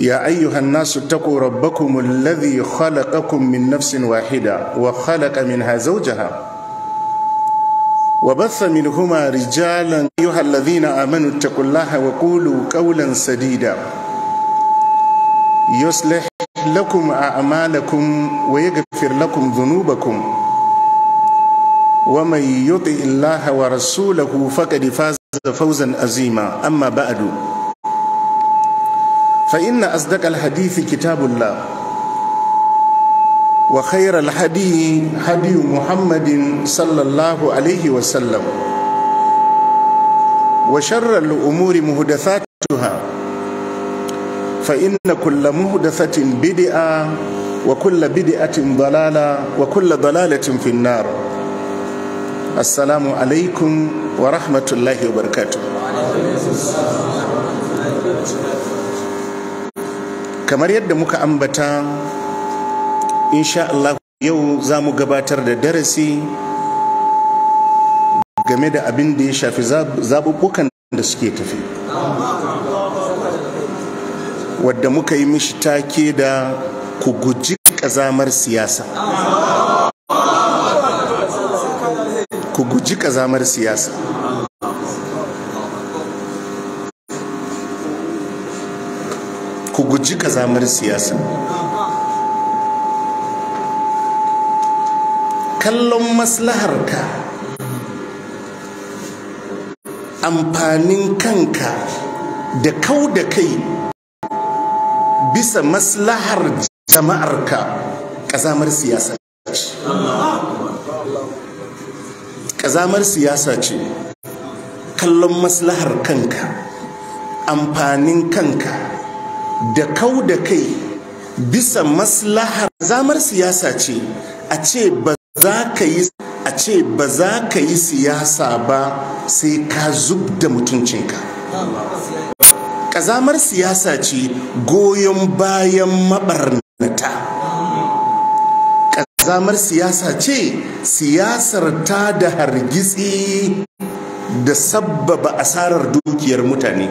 يا أيها الناس اتقوا ربكم الذي خلقكم من نفس واحدة وخلق منها زوجها وبث منهما رجالا أيها الذين آمنوا اتقوا الله وقولوا قولا سديدا يصلح لكم أعمالكم ويغفر لكم ذنوبكم ومن يطع الله ورسوله فقد فاز فوزا عظيما أما بعد فإن أصدق الحديث كتاب الله وخير الهدي هدي محمد صلى الله عليه وسلم وشر الأمور مهدثاتها فإن كل مهدثة بدعة وكل بدعة ضلالة وكل ضلالة في النار السلام عليكم ورحمة الله وبركاته kamar yadda muka ambata insha Allah yau za mu gabatar da darasi game da abin da ya shafi zaɓuɓɓukan da suke tafi wadda muka yi mishi take da ku guji ƙazamar siyasa ku guji ƙazamar siyasa ku guji kazamar siyasa kallon maslaharka amfanin kanka da kau da kai bisa maslahar jama'arka kazamar siyasa ce kazamar siyasa ce kallon maslahar kanka amfanin kanka da kau da kai bisa maslahar zamar siyasa ce a ce ba za ka yi a ce ba za ka yi siyasa ba sai ka zub da mutuncinka ƙazamar siyasa ce goyon bayan maɓarnata ƙazamar siyasa ce siyasar ta da hargitsi da sabbaba asarar dukiyar mutane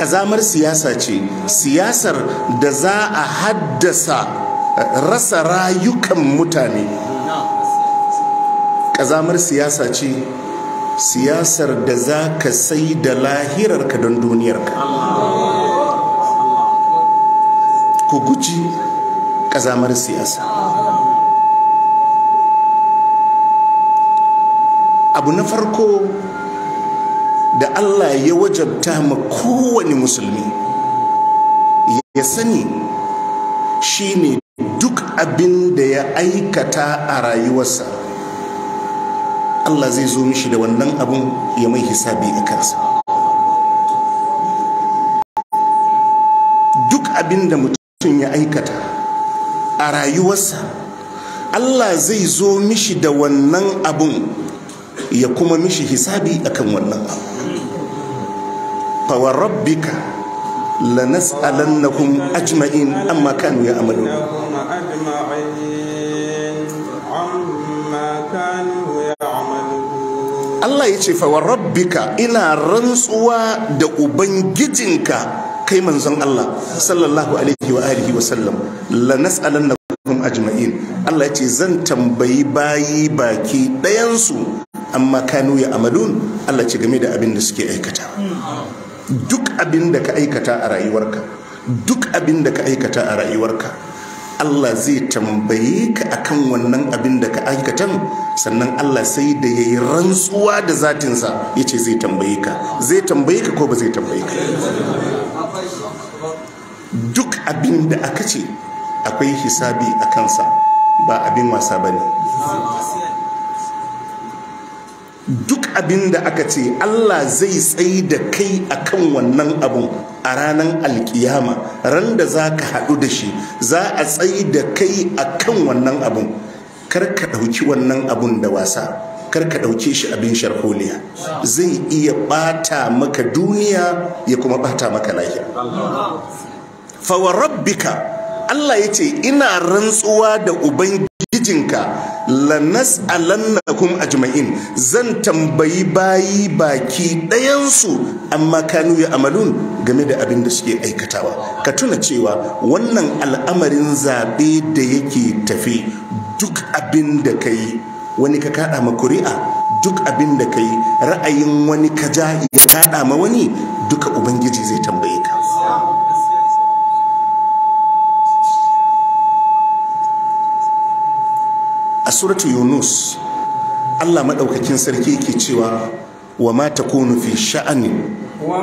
ƙazamar siyasa ce siyasar da za a haddasa rasa rayukan mutane ƙazamar siyasa ce siyasar da za ka sai da lahirarka don duniyarka ku guji ƙazamar siyasa abu na farko da Allah ya wajabta ma kowane musulmi ya sani shine duk abin da ya aikata a rayuwarsa Allah zai zo mishi da wannan abin ya mai hisabi a kansa duk abin da mutum ya aikata a rayuwarsa Allah zai zo mishi da wannan abin ya kuma mishi hisabi akan wannan fawar rabbika lanas'alannahum ajma'in amma kanu ya amalu Allah ya ce fawar rabbika ina rantsuwa da ubangijinka kai manzon Allah sallallahu alaihi wa alihi wa sallam lanas'alannakum ajma'in Allah ya ce zan tambayi bayi baki ɗayansu amma kanu ya amalun Allah ce game da abin da suke aikata duk abin da ka aikata a rayuwarka duk abin da ka aikata a rayuwarka Allah zai tambaye ka akan wannan abin da ka aikatan sannan Allah sai da ya yi rantsuwa da zatinsa ya ce zai tambaye ka zai tambaye ka ko ba zai tambaye ka duk abin da aka ce akwai hisabi a kansa ba abin wasa ba ne duk abin da aka ce Allah zai tsayi da kai akan wannan abun a ranar alkiyama ran da za ka haɗu da shi za a tsayi da kai akan wannan abun kar ka ɗauki wannan abun da wasa kar ka ɗauke shi abin sharholiya zai iya ɓata maka duniya ya kuma ɓata maka lahira fa ka Allah ya ce ina rantsuwa da ubangiji ubangijinka lanas alannakum ajma'in zan tambayi bayi baki ɗayansu amma kanu ya amalun game da abin da suke aikatawa ka tuna cewa wannan al'amarin zaɓe da yake tafi duk abin da ka yi wani ka kaɗa ma kuri'a duk abin da ka yi ra'ayin wani ka ja ya kaɗa ma wani duka ubangiji zai tambaye ka a suratu yunus allah maɗaukakin sarki ke cewa wa ma ta kunu fi sha'ani wa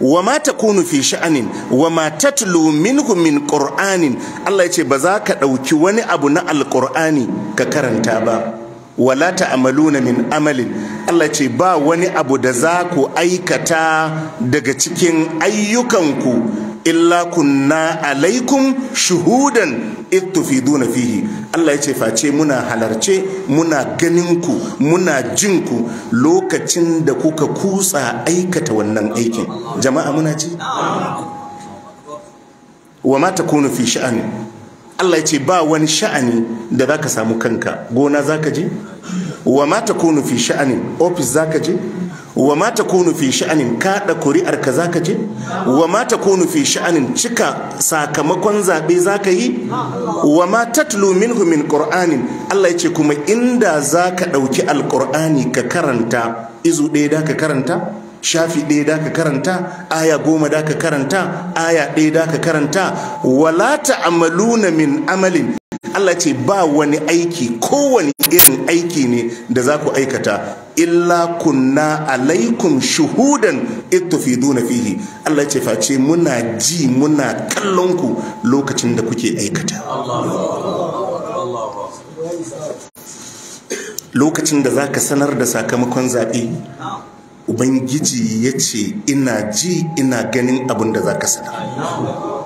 wa ma takunu fi sha'anin wa ma tatlu minhu min qur'anin Allah ya ce ba za ka ɗauki wani abu na alqur'ani ka karanta ba wala ta'maluna min amalin Allah ce ba wani abu da za ku aikata daga cikin ayyukanku illa kunna alaikum shuhudan ittufiduna fihi Allah ya ce face muna halarce muna ganinku muna jinku lokacin da kuka kutsa aikata wannan aikin jama'a muna ci wa ma takunu fi sha'ani Allah ya ce ba wani sha'ani da zaka samu kanka gona zaka je wa ma takunu fi sha'ani office zaka je wa ma kunu fi sha'anin kaɗa kuri'ar ka zaka je wa ma kunu fi sha'anin cika sakamakon zabe zaka yi wa ma tatlu minhu min qur'anin Allah yace kuma inda zaka ɗauki alqur'ani ka karanta izu ɗaya da ka karanta shafi ɗaya da ka karanta aya goma da ka karanta aya ɗaya da ka karanta wala amaluna min amalin Allah ce ba wani aiki kowane irin aiki ne da za ku aikata illa kunna alaikum shuhudan ittufiduna fihi Allah ya ce face muna ji muna kallon ku lokacin da kuke aikata lokacin da zaka sanar da sakamakon zaɓe ubangiji ya ce ina ji ina ganin abin da ka sanar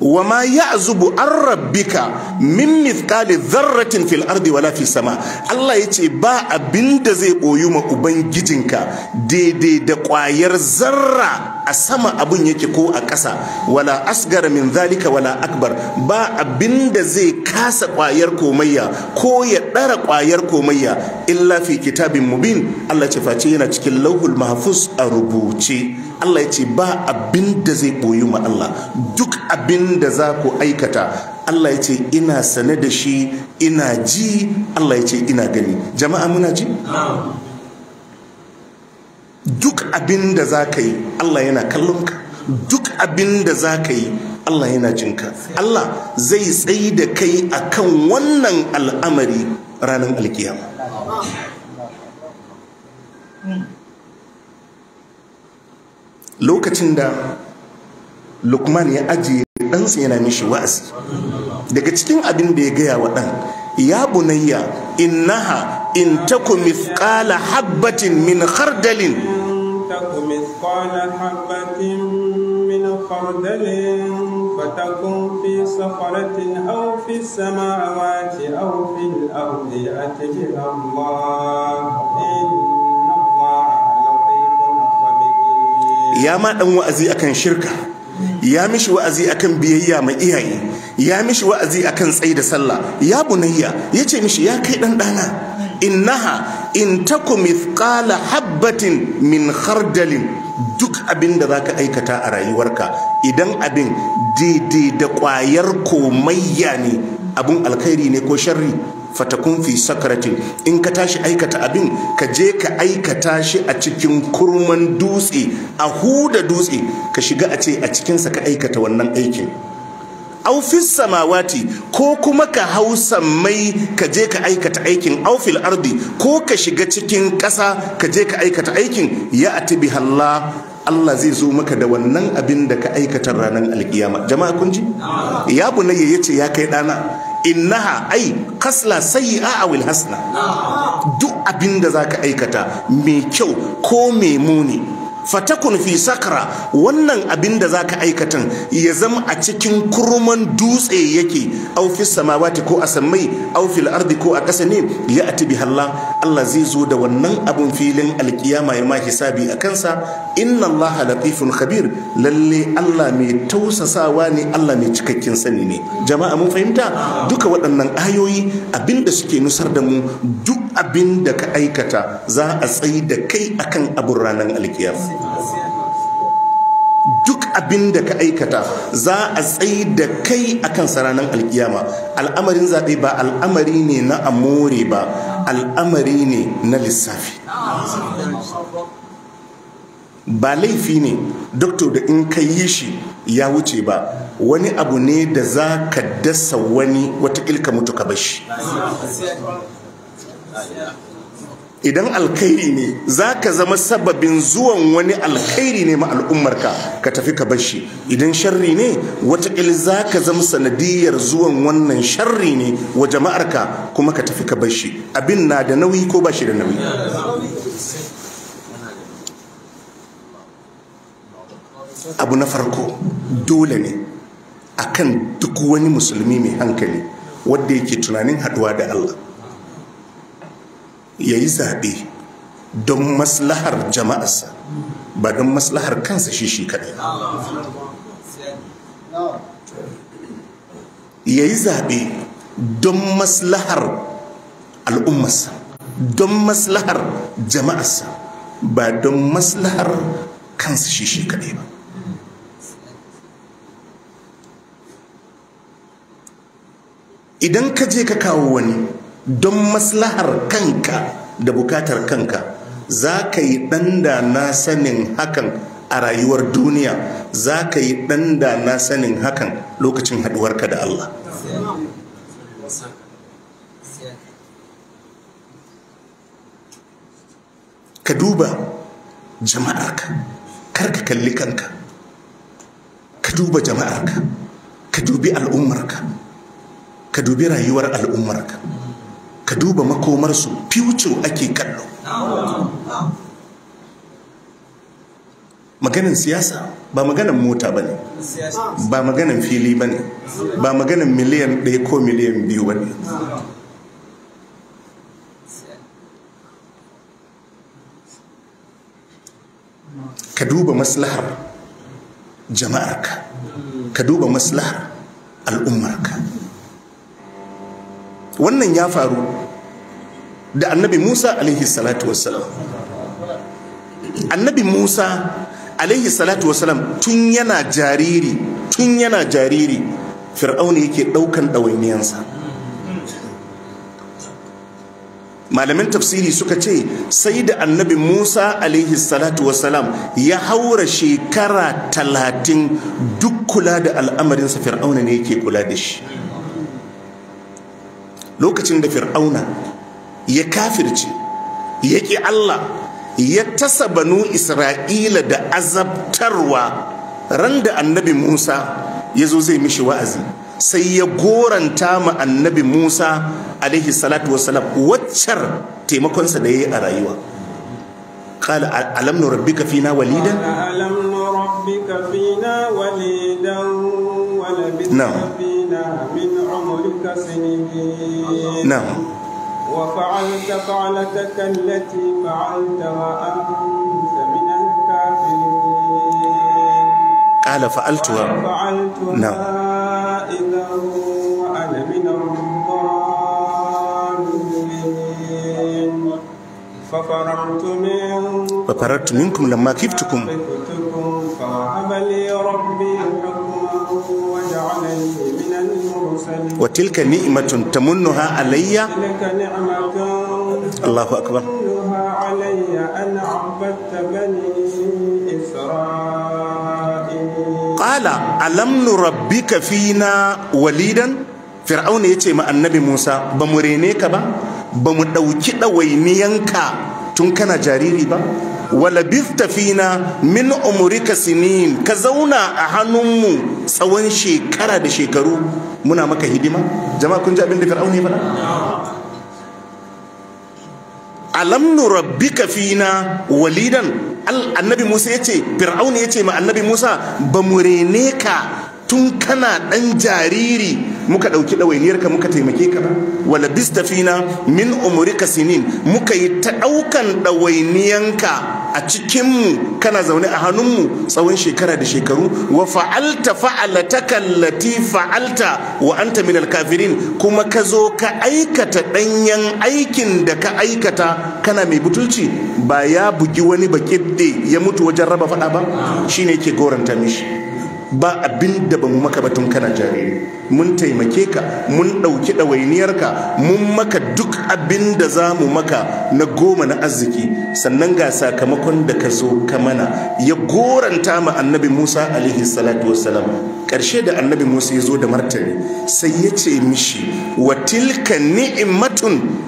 wa ma ya'zubu an rabbika min mithqali dharratin fil ardi wala fis sama Allah yace ba abinda zai boyu ma ubangijinka daidai da kwayar zarra a sama abun yake ko a ƙasa wala asgara min zalika wala akbar ba abinda zai kasa kwayar komayya ko ya ɗara kwayar komayya illa fi kitabin mubin Allah ce face yana cikin lauhul mahfuz a rubuce Allah ya ce ba abin da zai koyi ma Allah duk abin da za ku aikata Allah ya ce ina sane da shi ina ji Allah ya ce ina gani jama'a muna ji duk abin da za ka yi Allah yana kallonka duk abin da za ka yi Allah yana jinka Allah zai tsayi da kai a kan wannan al'amari ranar alkiyama. lokacin da lukman ya ajiye ɗansa yana mishi wa'azi daga cikin abin da ya gaya wa ɗan ya bunayya innaha in taku mithqala habbatin min khardalin فتكن في أو في السماوات أو في الأرض أتجه الله ya ma dan wa'azi akan shirka ya mishi wa'azi akan biyayya ma iyaye ya mishi wa'azi akan tsayi da sallah ya bunayya ce mishi ya kai dan dana innaha in taku mithqala habbatin min khardalin duk abin da zaka aikata a rayuwarka idan abin daidai da kwayar komayya ne abin alkhairi ne ko sharri fatakun fi sakaratin in ka tashi aikata abin ka je ka aikata shi a cikin kurman dutse a huda dutse ka shiga a ce a cikinsa ka aikata wannan aikin aufis samawati ko kuma ka hau sammai ka je ka aikata aikin aufil ardi ko ka shiga cikin ƙasa ka je ka aikata aikin ya atibi halla Allah zai zo maka da wannan abin da ka aikata ranar alkiyama jama'a kun ji ya na yayyace ya kai ɗana innaha ai kasla a awil hasna duk abinda ka aikata mai kyau ko mai muni fatakun fi sakara, wannan abin da za ka aikatan ya zama a cikin kurman dutse yake au fi samawati ko a sammai au fil ardi ko a ƙasa ne ya ati bi Allah Allah zai zo da wannan abin filin alkiyama ya ma hisabi a kansa inna Allah latifun khabir lalle Allah mai tausasawa ne Allah mai cikakken sani ne jama'a mun fahimta duka waɗannan ayoyi abin da suke nusar da mu duk abin da ka aikata za a tsayi da kai akan abun ranar alkiyama duk abin da ka aikata za a tsayi da kai akan saranan alkiyama al'amarin zaɓe ba al'amari ne na amore ba al'amari ne na lissafi ba laifi ne doktor da in ka yi shi ya wuce ba wani abu ne da za ka dasa wani watakil ka mutu ka bashi idan alkhairi ne za ka zama sababin zuwan wani alkhairi ne ma al'ummarka ka tafi ka bashi idan sharri ne wataƙil za ka zama sanadiyar zuwan wannan sharri ne wa jama'arka kuma ka tafi ka bashi abin na da nauyi ko ba shi da nauyi abu na farko dole ne akan duk wani musulmi mai hankali wadda yake tunanin haɗuwa da allah ya yi zaɓe don maslahar jama'arsa ba don maslahar kansa shi shi kaɗai ya yi zaɓe don maslahar al'ummarsa don maslahar jama'arsa ba don maslahar kansa shi shi kaɗai ba idan ka je ka kawo wani don maslahar kanka da bukatar kanka za ka yi ɗan na sanin hakan a rayuwar duniya za ka yi ɗan na sanin hakan lokacin haɗuwarka da Allah ka duba jama'arka kar ka kalli kanka ka duba jama'arka ka dubi al'ummarka ka dubi rayuwar al'ummarka ka duba makomarsu future ake kallo maganin siyasa ba maganin mota ba ne ba maganin fili ba ne ba maganin miliyan ɗaya ko miliyan biyu ba ne ka duba maslahar jama'arka ka duba maslahar al'ummarka wannan ya faru da annabi musa alaihi salatu wassalam annabi musa alaihi salatu wassalam tun yana jariri tun yana jariri fir'auna yake ɗaukan ɗawainiyansa malamin tafsiri suka ce sai da annabi musa alaihi salatu wassalam ya haura shekara talatin duk kula da al'amarinsa fir'auna ne yake kula da shi lokacin da fir'auna ya kafirce ya ƙi allah ya tasa banu isra'ila da azabtarwa ran da annabi musa ya zo zai mishi wa'azi sai ya goranta ma annabi musa alaihi salatu wasalam waccar taimakonsa da ya yi a rayuwa قال ألم نربك فينا وليدا ألم نربك فينا عمرك سنين نعم وفعلت فعلتك التي فعلت وأنت من الكافرين قال فعلتها نعم إذا وأنا من الضالين ففررت من ففررت منكم لما كفتكم فوهب لي ربي الحكم وجعلني wa tilka ni'matun tamunnuha alayya Allahu akbar qala alam nurabbika na walidan fir'auna yace ma annabi Musa ba mu rene ka ba ba mu ɗawainiyan ka, tun kana jariri ba wala fina min umurika sinin ka zauna a hannunmu tsawon shekara da shekaru muna maka hidima jama'a kun ji abin da fir'aun ya faɗa alam nurabbika fina walidan annabi Musa yace fir'aun yace ma annabi Musa ba mu rene ka tun kana dan jariri muka ɗauki ka muka taimake ka ba wala bistafina min umurika sinin muka yi ta ɗaukan ka. a cikinmu kana zaune a hannunmu tsawon shekara da shekaru wa fa'alta fa'alataka kallati fa'alta wa anta minal kafirin kuma ka zo ka aikata ɗanyen aikin da ka aikata kana mai butulci ba ya bugi wani bakidde ya mutu wajen raba faɗa ba Shi ne ke goranta mishi ba abin da ba mu maka batun kana jariri mun taimake ka mun ɗauki ɗawainiyarka mun maka duk abin da za mu maka na goma na arziki sannan ga sakamakon da ka zo ka mana ya goranta ma annabi musa alaihi salatu wasalam ƙarshe da annabi musa ya zo da martani sai ya ce mishi wa tilka ni'matun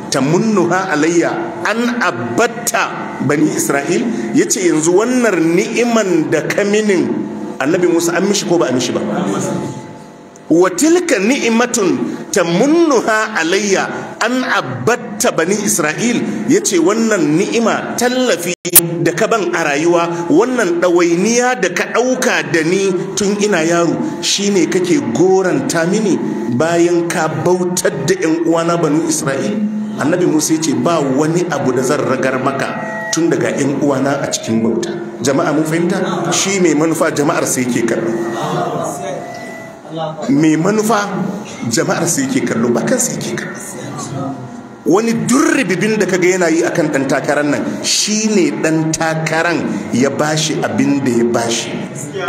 ha alayya an abatta bani isra'il ya ce yanzu wannan ni'iman da kaminin annabi musa an mishi ko ba a mishi ba wa tilka ni'matun tamunnuha alayya an abatta bani isra'il yace wannan ni'ima tallafi da ka ban a rayuwa wannan ɗawainiya da ka ɗauka da ni tun ina yaro shine kake goranta mini bayan ka bautar da 'yan uwana bani isra'il annabi musa yace ba wani abu da zan ragar maka tun daga yan uwana a cikin bauta jama'a mun fahimta shi mai manufa jama'ar sai ke kallo mai manufa jama'ar sai ke kallo ba kan sai ke kallo wani durribibin da kaga yana yi akan dan takaran nan shi ne dan takaran ya bashi abin da ya bashi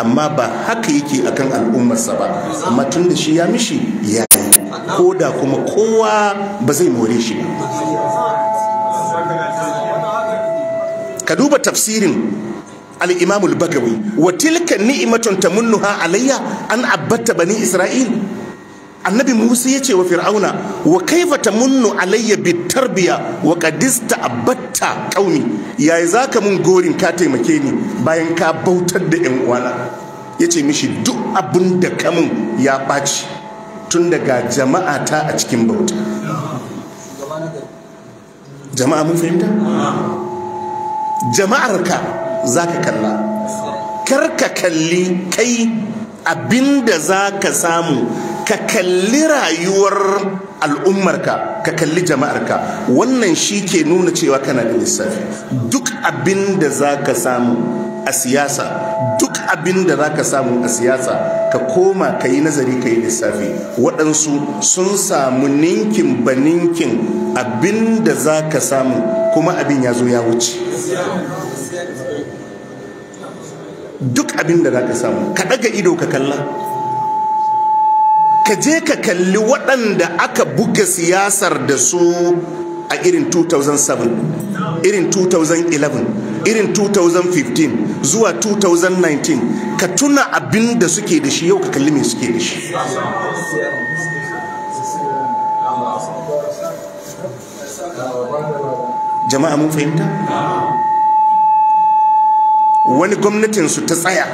amma ba haka yake akan al'ummarsa ba amma tun da shi ya mishi ya yi ko da kuma kowa ba zai more shi ba ka duba tafsirin al-imam al-bagawi wa tilka ni'matun tamunnuha alayya an abatta bani isra'il annabi musa ya ce wa fir'auna wa kaifa tamunnu alayya bitarbiya wa qadista abatta qaumi yayi zaka mun gorin ka taimake ni bayan ka bautar da yan uwana yace mishi duk abin da kamun ya ɓaci tun daga jama'a ta a cikin bauta jama'a mun fahimta jama'arka za ka kalla kar ka kalli kai abinda za ka samu ka kalli rayuwar al'ummarka ka kalli jama'arka wannan shi ke nuna cewa kana da lissafi duk abinda za ka samu a siyasa duk abin da za ka samu a siyasa ka koma ka yi nazari ka yi lissafi waɗansu sun samu ninkin ba ninkin abin da za ka samu kuma abin ya zo ya wuce duk abin da za ka samu ka ɗaga ido ka kalla ka je ka kalli waɗanda aka buga siyasar da su a irin 2007 irin 2011 irin 2015 zuwa 2019 ka tuna abin da suke da shi yau ka kalli mai suke da shi jama'a mun fahimta wani gwamnatinsu ta tsaya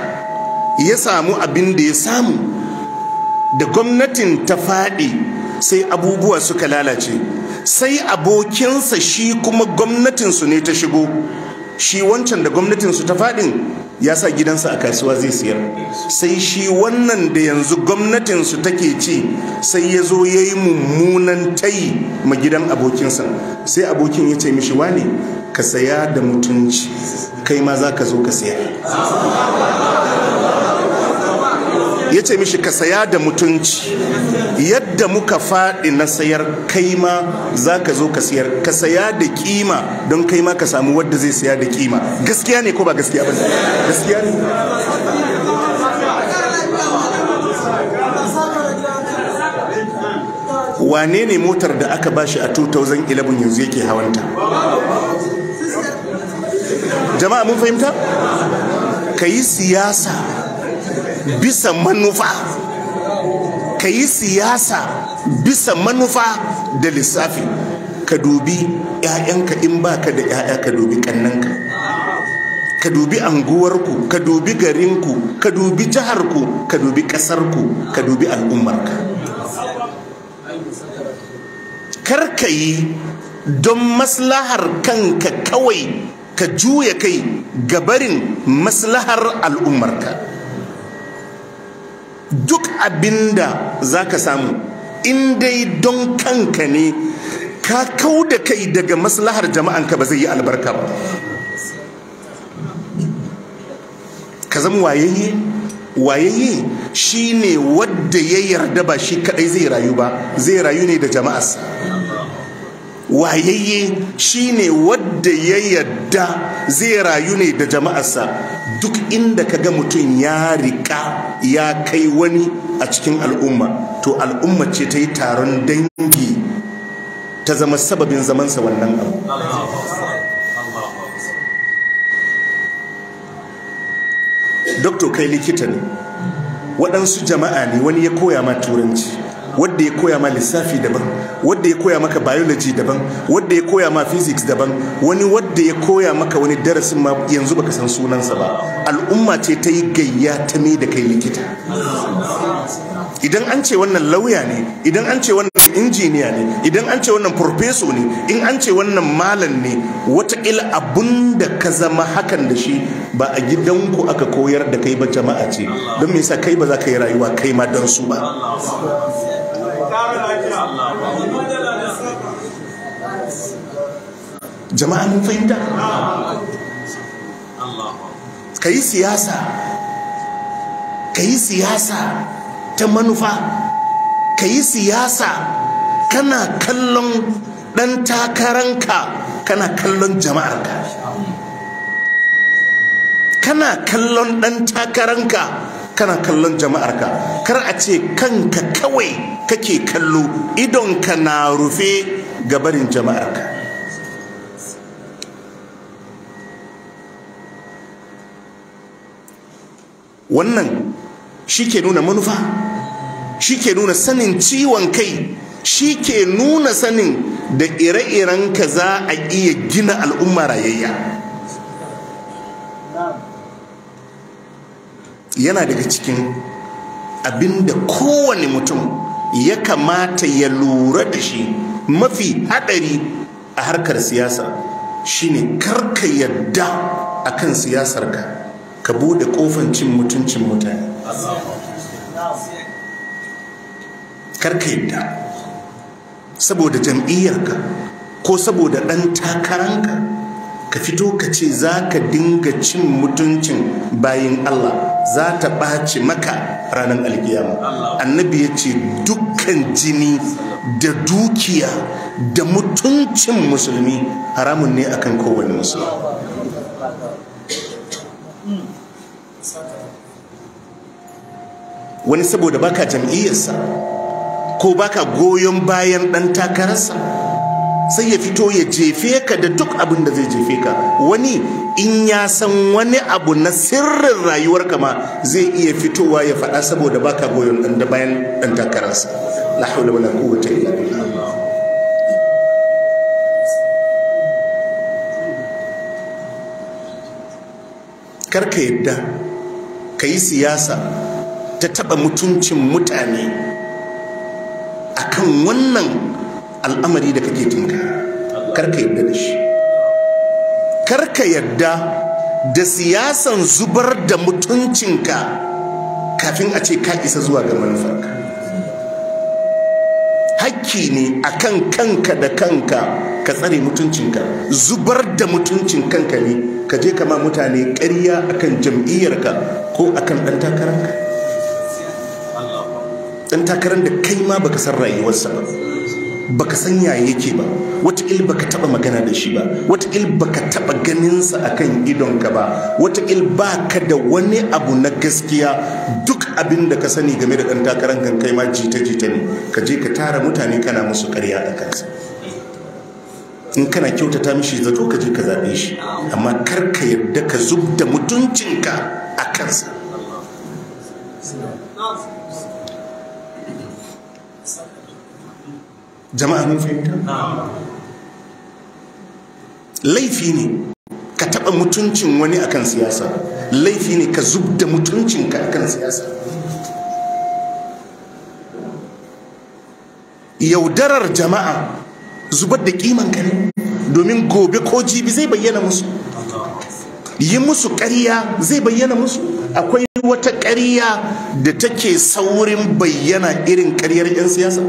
ya samu abin da ya samu da gwamnatin ta faɗi sai abubuwa suka lalace sai abokinsa shi kuma gwamnatinsu ne ta shigo shi wancan da gwamnatinsu ta faɗin ya sa gidansa a kasuwa zai siyar sai shi wannan da yanzu gwamnatinsu take ce sai ya zo ya yi mummunan tayi ma gidan abokinsa sai abokin ya ce mishi wane ka saya da mutunci kai ma za ka zo ka siya ya ce mishi ka saya da mutunci yadda muka faɗi na sayar kai ma za ka zo ka sayar ka saya da kima don kai ma ka samu wadda zai saya da kima gaskiya ne ko ba gaskiya ba gaskiya ne wane ne motar da aka ba shi a 2011 yanzu yake hawanta jama'a mun fahimta ka yi siyasa bisa manufa ka yi siyasa bisa manufa da lissafi ka dubi 'ya'yanka in ba ka da 'ya'ya ka dubi kannanka ka dubi anguwarku ka dubi garinku ka dubi jiharku ka dubi ƙasarku ka dubi al'ummarka kar ka yi don maslahar kanka kawai ka juya kai gabarin maslahar al'ummarka duk abinda za ka samu in dai don kanka ne ka kau da kai daga maslahar jama'anka ba zai yi albarka ba ka zama wayayye wayayye shi ne wadda ya yarda ba shi kadai zai rayu ba zai rayu ne da jama'as wayayye shi ne wadda ya yarda zai rayu ne da jama'arsa duk inda ka ga mutum ya rika ya kai wani a cikin al'umma to al'umma ce ta yi taron dangi ta zama sababin zamansa wannan abu dr kai likita ne waɗansu jama'a ne wani ya koya ma turanci wadda ya koya ma lissafi daban wadda ya koya maka biology daban wadda ya koya ma physics daban wani wadda ya koya maka wani darasin ma yanzu baka san sunansa ba al'umma ce ta yi gayya ta mai da kai likita idan an ce wannan lauya ne idan an ce wannan injiniya ne idan an ce wannan profeso ne in an ce wannan malam ne wataƙila abun da ka zama hakan da shi ba a gidanku aka koyar da kai ba jama'a ce don me yasa kai ba za ka yi rayuwa kai ma don su ba Jama'an fahimta ka yi siyasa ka yi siyasa ta manufa ka yi siyasa kana kallon ɗan takaranka kana kallon jama'arka kana kallon ɗan takaranka kana kallon jama'arka kar a ce kanka kawai kake kallo idonka na rufe gabarin jama'arka wannan shi ke nuna manufa shi ke nuna sanin ciwon kai shi ke nuna sanin da ire iren ka za a iya gina al'umma rayayya yana daga cikin abin da kowane mutum ya kamata ya lura da shi mafi haɗari a harkar siyasa shine karka yadda kan siyasarka ka bude kofan cin mutuncin mutane karka yadda saboda jam'iyyarka ko saboda ɗan takaranka ka fito ka ce za ka dinga cin mutuncin bayin Allah za ta ɓaci maka ranar alkiyama annabi ya ce dukkan jini da dukiya da mutuncin musulmi haramun ne akan kowane musulmi wani saboda baka jam'iyyarsa ko baka goyon bayan ɗan takararsa sai ya fito ya jefe ka da duk abin da zai jefe ka wani in ya san wani abu na sirrin rayuwar ka ma zai iya fitowa ya faɗa saboda baka goyon ɗan da bayan ɗan takararsa la haula wala quwwata illa karka yadda ka yi siyasa ta taɓa mutuncin mutane akan wannan al'amari da kake tunka karka yadda da shi karka yadda da siyasan zubar da mutuncinka kafin a ce ka isa zuwa ga manufarka hakki ne akan kanka da kanka ka tsare mutuncinka zubar da mutuncin kanka ne ka je kama mutane ƙarya akan jam'iyyarka ko akan ɗan takararka ɗan takarar da kai ma baka san rayuwarsa ba baka san yaya yake ba watakil baka taba magana da shi ba watakil baka taba ganinsa akan ka ba ba baka da wani abu na gaskiya duk abin da ka sani game da ɗan takarar kan kai ma jita-jita ne ka je ka tara mutane kana musu karya a kansa in kana kyautata mishi zato ka je ka zaɓe shi amma kar ka yarda ka zub da mutuncinka a kansa jama'a mun fahimta laifi ne ka taɓa mutuncin wani akan siyasa laifi ne ka zub da mutuncinka akan siyasa yaudarar jama'a zubar da kiman ne domin gobe ko jibi zai bayyana musu yi musu ƙarya zai bayyana musu akwai wata ƙarya da take saurin bayyana irin ƙaryar 'yan siyasa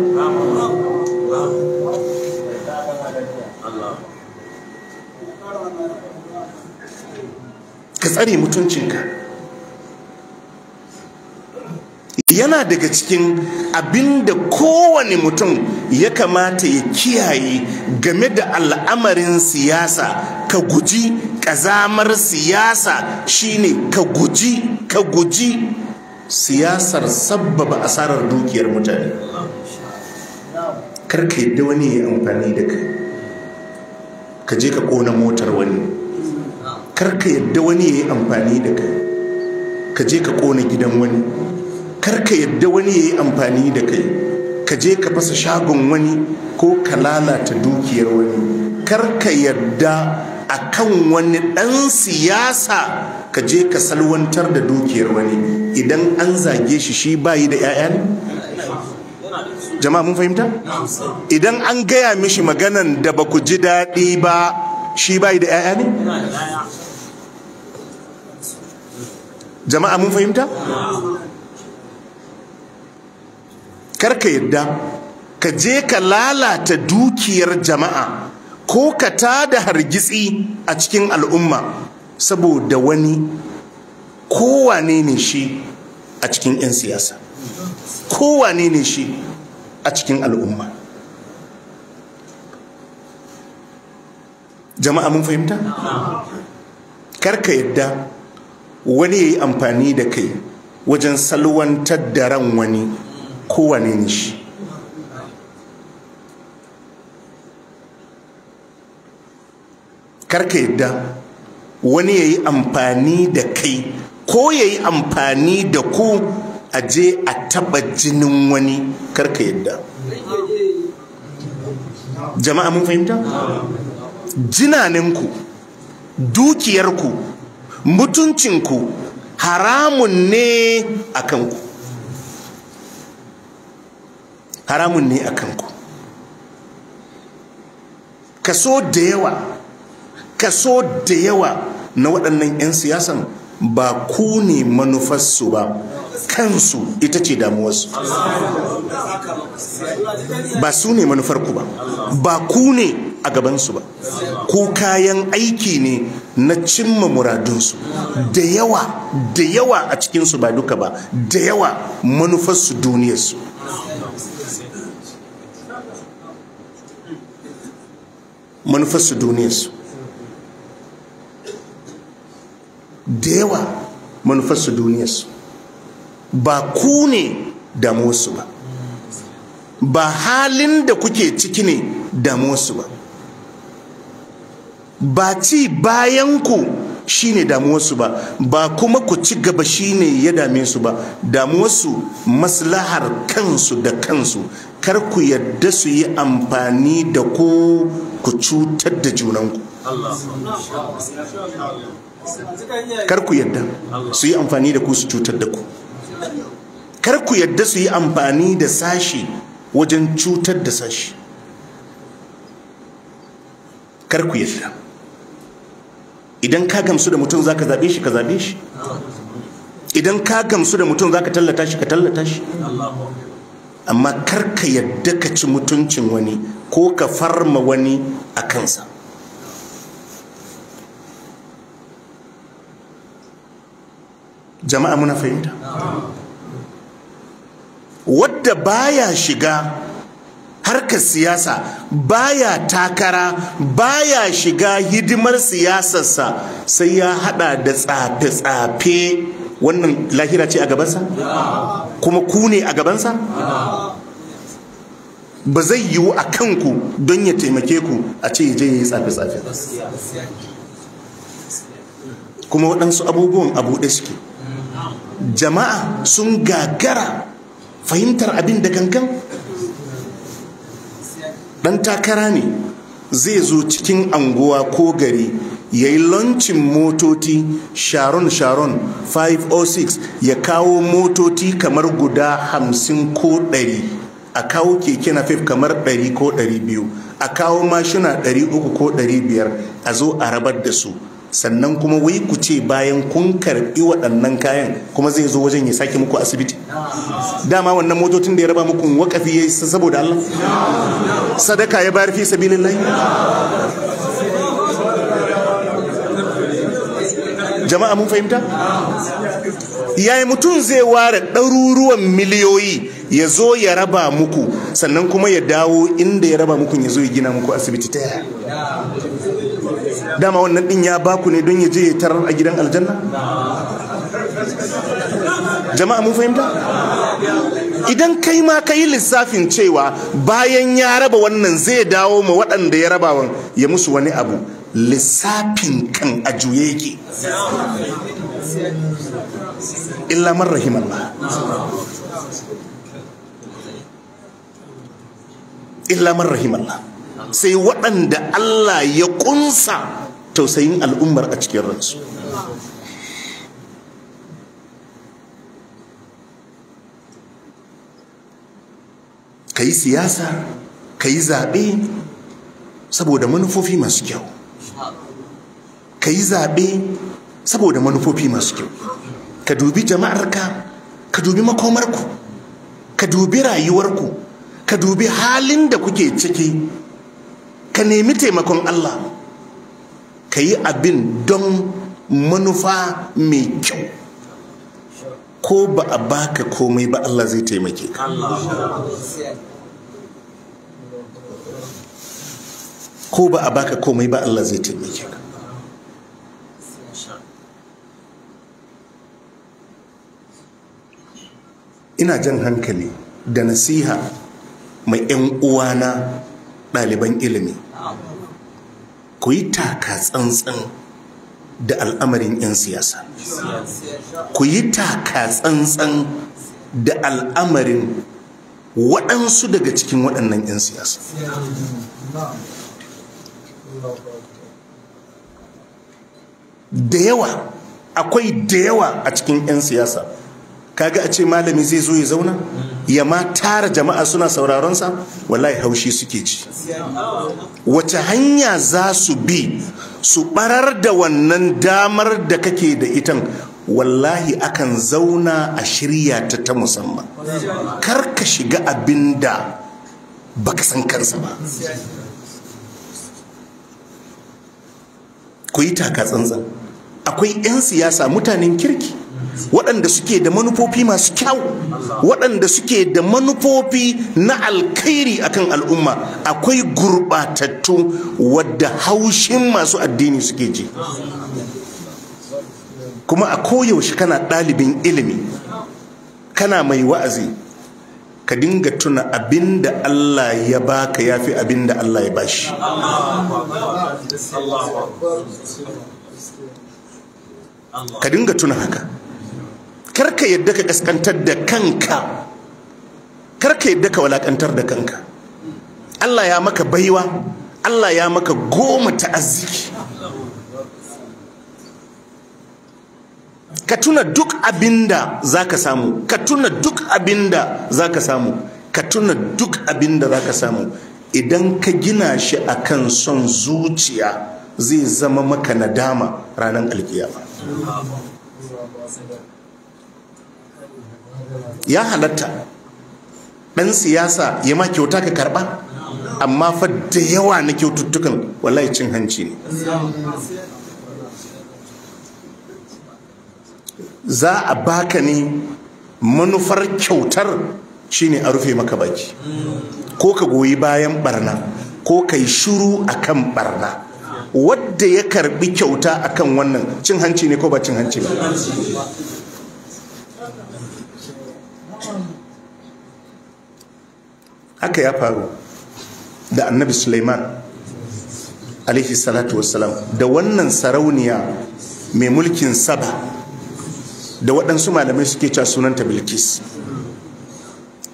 ka tsare mutuncinka yana daga cikin abinda kowane mutum ya kamata ya kiyaye game da al'amarin siyasa ka guji ƙazamar siyasa shine ka guji ka guji siyasar sabbaba asarar dukiyar mutane kar ka yadda wani ya amfani da kai ka je ka kona motar wani kar ka yadda wani ya amfani da kai ka je ka kona gidan wani kar ka yadda wani ya yi amfani da kai ka je ka fasa shagon wani ko ka lalata dukiyar wani kar ka yadda a kan wani ɗan siyasa ka je ka salwantar da dukiyar wani idan an zage shi shi bayi da 'ya'ya ne jama'a mun fahimta idan an gaya mishi maganan da ba ku ji daɗi ba shi bai da 'ya'ya ne jama'a mun fahimta karka yadda ka je ka lalata dukiyar jama'a ko ka tada hargitsi a cikin al'umma saboda wani kowane ne shi a cikin 'yan siyasa kowane ne shi a cikin al'umma jama'a mun fahimta karka yadda wani ya yi amfani da kai wajen salwantar da ran wani kowane ne shi karka yadda wani ya yi amfani da kai ko ya yi amfani da ku a je a taba jinin wani karka yadda jama'a mun fahimta jinaninku dukiyarku mutuncinku haramun ne a kanku haramun ne a kanku kaso da yawa kaso da yawa na waɗannan 'yan siyasan ba ku ne manufarsu ba kansu ita ce damuwarsu ba su ne manufar ku ba ba ku ne a gabansu ba ku kayan aiki ne na cimma muradunsu da yawa da yawa a cikinsu ba duka ba da yawa manufarsu duniyarsu manufarsu duniyarsu da yawa manufarsu duniyarsu ba ku ne su ba ba halin da kuke ciki ne su ba ba ci bayanku shi ne damuwarsu ba ba kuma ku ci gaba shi ne ya dame su ba damuwarsu maslahar kansu da kansu kar ku yadda su yi amfani da ku ku cutar da junanku kar ku yadda su yi amfani da ku su cutar da ku kar ku yadda su yi amfani da sashi wajen cutar da sashi kar ku yadda idan ka gamsu da mutum zaka zabe shi ka zabe shi idan ka gamsu da mutum zaka tallata shi ka tallata shi amma kar ka yadda ka ci mutuncin wani ko ka farma wani a kansa jama'a muna fahimta wadda baya shiga harkar siyasa baya takara baya shiga hidimar siyasarsa sai ya hada da tsafe-tsafe wannan lahira ce a gabansa kuma ku ne a gabansa ba zai yiwu a kanku don ya taimake ku a ce je yi tsafe-tsafe kuma waɗansu abubuwan abu ɗaya suke jama'a sun gagara fahimtar abin da gangan Ɗan takara ne zai zo cikin anguwa ko gari ya yi lancin motoci sharon-sharon 506 ya kawo motoci kamar guda hamsin ko ɗari a kawo keke na fif kamar ɗari ko ɗari biyu a kawo mashina ɗari uku ko ɗari biyar a zo a rabar da su sannan kuma wai ku ce bayan kun karbi waɗannan kayan kuma zai zo wajen ya sake muku asibiti dama wannan motocin da ya raba muku wakafi ya yi saboda Allah sadaka ya bayar fi sabilillah jama'a mun fahimta yayi mutum zai ware ɗaruruwan miliyoyi ya zo ya raba muku sannan kuma ya dawo inda ya raba muku ya zo ya gina muku asibiti ta yaya dama wannan din ya baku ne don ya je ya tarar a gidan aljanna jama'a mun fahimta idan kai ma ka yi lissafin cewa bayan ya raba wannan zai dawo ma waɗanda ya rabawan ya musu wani abu lissafin kan a juye yake illa man rahimallah illa man rahimallah sai waɗanda Allah ya ƙunsa tausayin al'ummar a cikin ransu ka yi siyasa ka yi zaɓe saboda manufofi masu kyau ka yi zaɓe saboda manufofi masu kyau ka dubi jama'arka ka dubi makomarku ka dubi rayuwarku ka dubi halin da kuke ciki ka nemi taimakon Allah ka yi abin don manufa mai kyau ko ba a baka komai ba Allah zai taimake ka ko ba a baka komai ba Allah zai taimake ka ina jan hankali da nasiha mai 'yan uwana ɗaliban ilimi ku yi taka tsantsan da al'amarin 'yan siyasa ku yi taka tsantsan da al'amarin waɗansu daga cikin waɗannan 'yan siyasa da yawa akwai da yawa a cikin 'yan siyasa kaga a ce malami zai zo ya zauna ya ma tara jama'a suna sauraron sa wallahi haushi suke ji wace hanya za su bi su barar da wannan damar da kake da itan wallahi akan zauna a shirya ta ta musamman kar ka shiga abinda da baka san kansa ba ku yi taka tsantsan akwai 'yan siyasa mutanen kirki waɗanda suke da manufofi masu kyau waɗanda suke da manufofi na alkhairi kan al'umma akwai gurɓatattu wadda haushin masu addini suke ji kuma a koyaushe kana ɗalibin ilimi kana mai wa'azi ka dinga tuna abin da Allah ya baka ya fi abin da Allah ya bashi ka dinga tuna haka karka yadda ka kaskantar da kanka karka yadda ka walakantar da kanka Allah ya maka baiwa Allah ya maka goma ta ka tuna duk abinda zaka samu ka tuna duk abinda zaka samu ka tuna duk abinda zaka samu idan ka gina shi akan son zuciya zai zama maka nadama ranar alkiyama ya halatta ɗan siyasa ya ma kyauta ka karɓa amma fa da yawa na kyaututtukan wallahi cin hanci ne za a baka ne manufar kyautar shine a rufe maka baki ko ka goyi bayan barna ko ka yi shuru akan barna wadda ya karbi kyauta akan wannan cin hanci ne ko ba cin hanci ba haka ya faru da annabi suleiman alaihi salatu wasalam da wannan sarauniya mai mulkin saba da waɗansu malamai suke cewa sunanta bilkis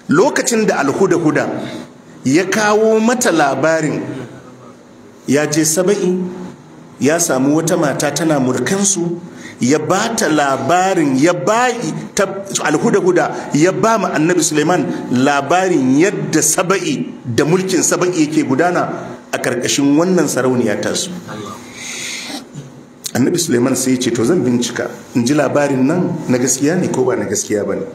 lokacin da alhuda-huda ya kawo mata labarin ya je saba'i ya samu wata mata tana murkansu ya ba ta labarin ya ba alhuda-huda ya ba ma annabi suleiman labarin yadda saba'i da mulkin saba'i yake gudana a ƙarƙashin wannan sarauniya tasu annabi suleiman sai ce to zan bincika in ji labarin nan na gaskiya ne ko ba na gaskiya ba ne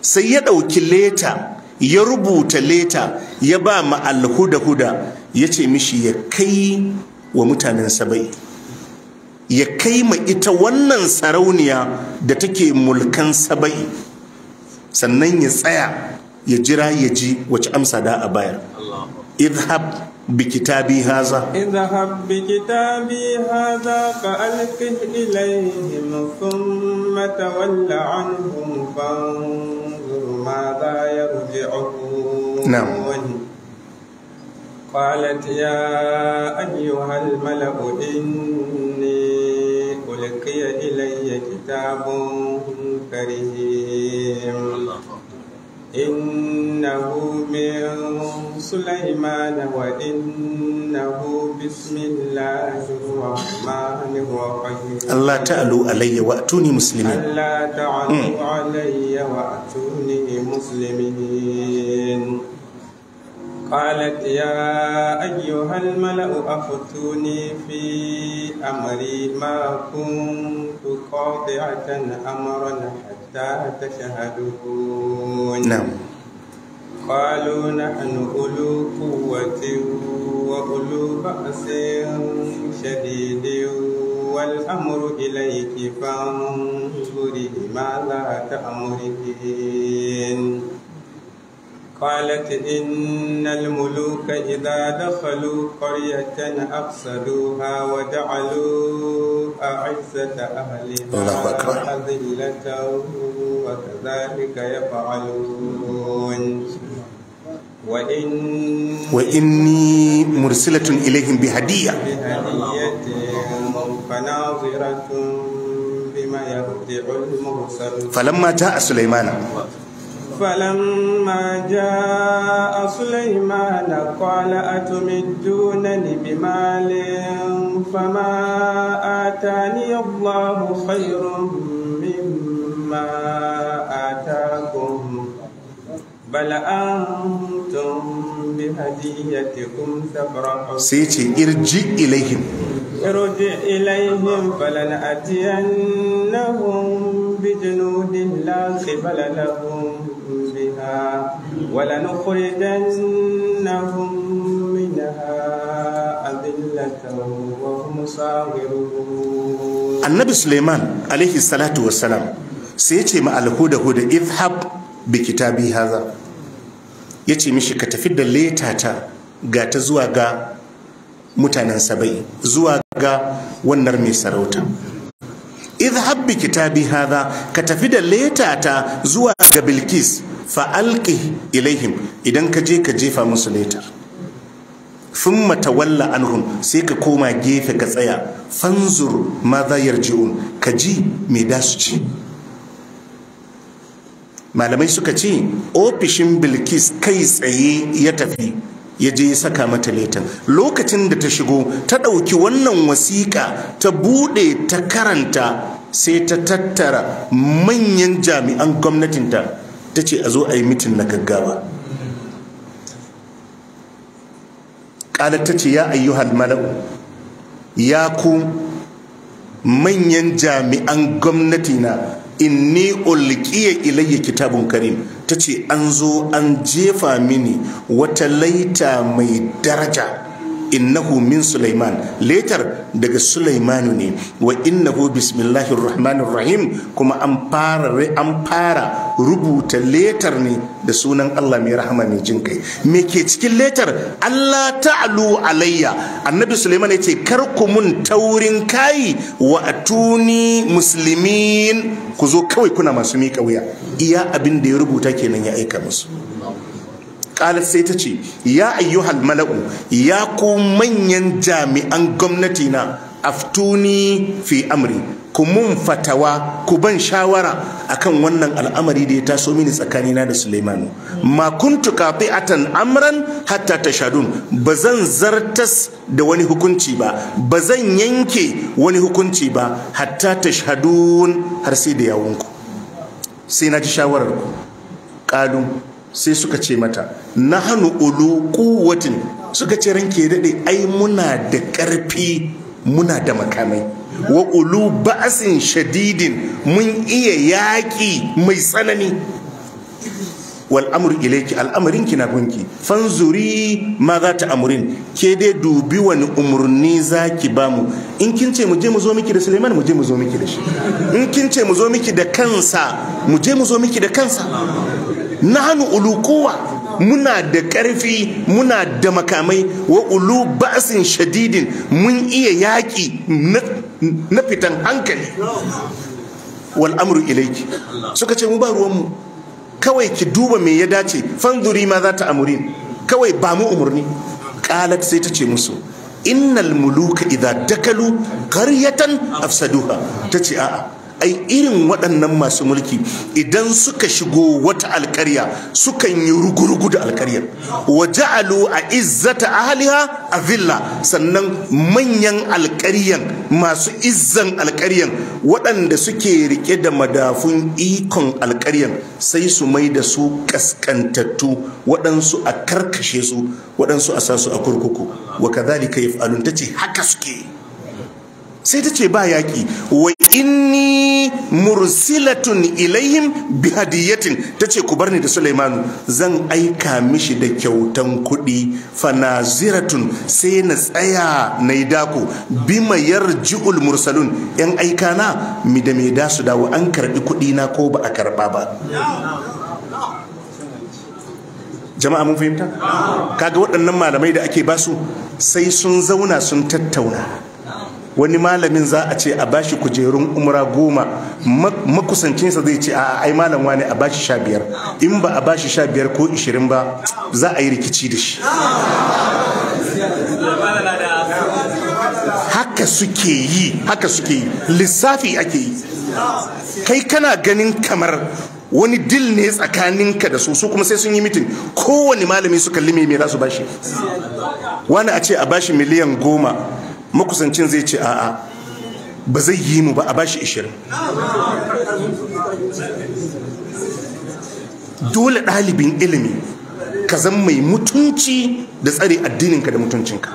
sai ya ɗauki leta ya rubuta leta ya ba ma alhuda-huda ya ce mishi ya kai wa mutanen saba'i ya kai ma ita wannan sarauniya da take mulkan saba'i sannan ya tsaya ya jira ya ji wacce amsa da a bayar idhab bi kitabi haza idhab bi kitabi haza ka alqi ilayhim thumma tawalla anhum fanzur ma za yarji'un qalat ya ayyuhal mala'u inni bakiya ilai ya kitabun karihi in na gobe sulaima wa ma'aikwai fage. allah ta'al'u alayya wa'atuni musulmin. allah قالت يا أيها الملأ أفتوني في أمري ما كنت قاطعة أمرا حتى تشهدون نعم قالوا نحن أولو قوة وأولو بأس شديد والأمر إليك فانظري ماذا تأمرين قالت إن الملوك إذا دخلوا قرية أفسدوها وجعلوا أعزة أهلها أذلة وكذلك يفعلون وإن وإني مرسلة إليهم بهدية فناظرة بما يرجع المرسل فلما جاء سليمان فلما جاء سليمان قال أتمدونني بمال فما آتاني الله خير مما آتاكم بل أنتم بهديتكم تفرحون سيتي ارجع إليهم ارجع إليهم فلنأتينهم بجنود لا قبل لهم منها ولنخرجنهم منها أذلة وهم صاغرون النبي سليمان عليه الصلاة والسلام سيتي مع الهدى هدى اذهب بكتابي هذا yace mishi ka tafi da letata ga ta zuwa ga mutanen saba'i zuwa ga wannan mai sarauta idhab bi kitabi hadha ka tafi da leta ta zuwa ga bilkis fa'alƙi ilaihim idan ka je ka jefa musu letar sun matawalla anhum sai ka koma gefe ka tsaya fanzur ma za ka ji mai da su ce malamai suka ce ofishin bilkis kai tsaye ya tafi ya je ya saka mata letan lokacin da ta shigo ta ɗauki wannan wasiƙa ta buɗe ta karanta sai ta tattara manyan jami'an gwamnatinta ta ce a zo a yi mitin na gaggawa ƙalar ta ce ya ayyuhal mala'u ya ku manyan jami'an gwamnati na inni ulkiya ilayya kitabun karim ta ce an zo an jefa mini wata laita mai daraja innahu min Sulaiman letar daga Sulaimanu ne wa innahu bismillahir rahmanir rahim kuma an fara an fara rubuta letar ne da sunan Allah mai rahama mai jin kai me ke cikin letar Allah ta'alu alayya annabi Sulaiman yace, kar ku mun taurin kai wa atuni muslimin ku zo kawai kuna masu mika wuya iya abin da ya rubuta kenan ya aika musu Ƙalas sai ta ce ya ayyuhal halmala'u ya ku manyan jami'an gwamnati na aftuni fi amri ku mun fatawa ku ban shawara akan wannan al'amari da ya taso mini tsakanina da Sulaimanu ma kuntu tan amran hatta tashadun zan zartas da wani hukunci ba ba zan yanke wani hukunci ba hatta tashadun har sai da yawunku sai na ji shawarar ku sai suka ce mata na hannu ulu kowatin suka ce ranke daɗe ai muna da ƙarfi muna da makamai wa ulu ba'asin shadidin mun iya yaƙi mai tsanani wal amru ilayki al'amarin ki na gunki fanzuri ma za ta amurin ke dai dubi wani umurni za ki ba mu in kin ce mu je mu zo miki da Suleiman mu je mu zo miki da shi in kin ce mu zo miki da kansa mu je mu zo miki da kansa Na hannu uluquwa muna da ƙarfi muna da makamai wa ulu ba'sin shadidin mun iya yaƙi na fitan hankali wal amru ilayki suka ce mu ba ruwanmu kawai ki duba me ya dace fanzuri ma za ta amurin kawai ba mu umarni qalat sai ta ce musu innal muluka idza dakalu qaryatan afsaduha ce a'a ai irin waɗannan masu mulki idan suka shigo wata alkarya sukan yi rugurugu da alkaryar wa ja'alu a izzata ahliha a villa sannan manyan alkaryan masu izzan alkaryan waɗanda suke rike da madafun ikon alkaryan sai su mai da su kaskantattu waɗansu a karkashe su waɗansu a sa su a kurkuku wa kadhalika yaf'alun tace haka suke sai ta ce ba yaƙi wa inni mursilatun ilayhim bi hadiyatin ta ce ku bar ni da sulaimanu zan aika mishi da kyautan kuɗi fanaziratun sai na tsaya na yi dako bima ji'ul mursalun yan aika na mi da me da dawo an karɓi kuɗi na ko ba a karɓa ba jama'a mun fahimta kaga waɗannan malamai da ake basu sai sun zauna sun tattauna wani malamin za a ce a bashi kujerun umra goma makusancinsa zai ce a ai malam wani a bashi sha biyar in ba a bashi sha biyar ko ishirin ba za a yi rikici da shi haka suke yi haka suke yi lissafi ake yi kai kana ganin kamar wani dil ne tsakaninka da su su kuma sai sun yi mitin kowane malami su kalli mai za su bashi wani a ce a bashi miliyan goma makusancin zai ce a'a ba zai yi mu ba a bashi ishirin dole ɗalibin ilimi ka zan mai mutunci da tsare addininka da mutuncinka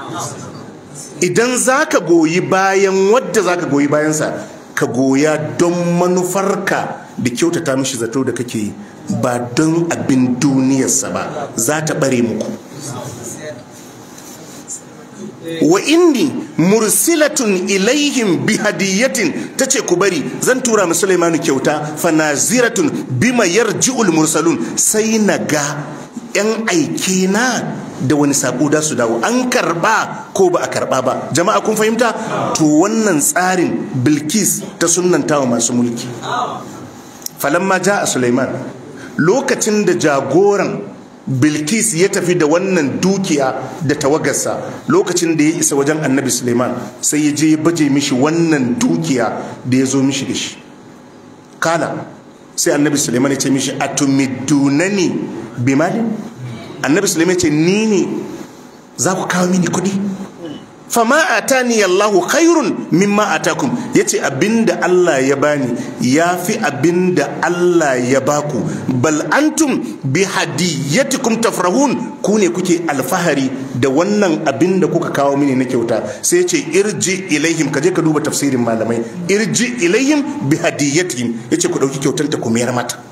idan za ka goyi bayan wadda za ka goyi bayansa ka goya don manufarka da kyautata mishi zato da kake yi ba don abin duniyarsa ba za ta bare muku wa inni mursilatun ilaihim bi hadiyatin ce ku bari zan tura mu Sulaimanu kyauta fa naziratun bima yarji'ul mursalun sai na ga yan aike na da wani sako da su dawo an karba ko ba a karba ba jama'a kun fahimta to wannan tsarin bilkis ta wa masu mulki falamma a Suleiman, lokacin da jagoran bilkis ya tafi da wannan dukiya da tawagarsa lokacin da ya isa wajen annabi suleiman sai ya je ya baje mishi wannan dukiya da ya zo mishi da shi kala sai annabi suleiman ya ce mishi a dunani bimalin annabi suleiman ya ce ni ne za ku kawo mini kuɗi fama a ta khairun mimma atakum yace abinda Allah ya bani ya fi abinda Allah ya baku bal antum bi hadiyatikum tafrahun ku ne kuke alfahari da wannan abinda kuka kawo mini na kyauta sai yace irji ilaihim je ka duba tafsirin malamai irji ilaihim bi hadiyatihim yace ku ɗauki kyautanta ku mayar mata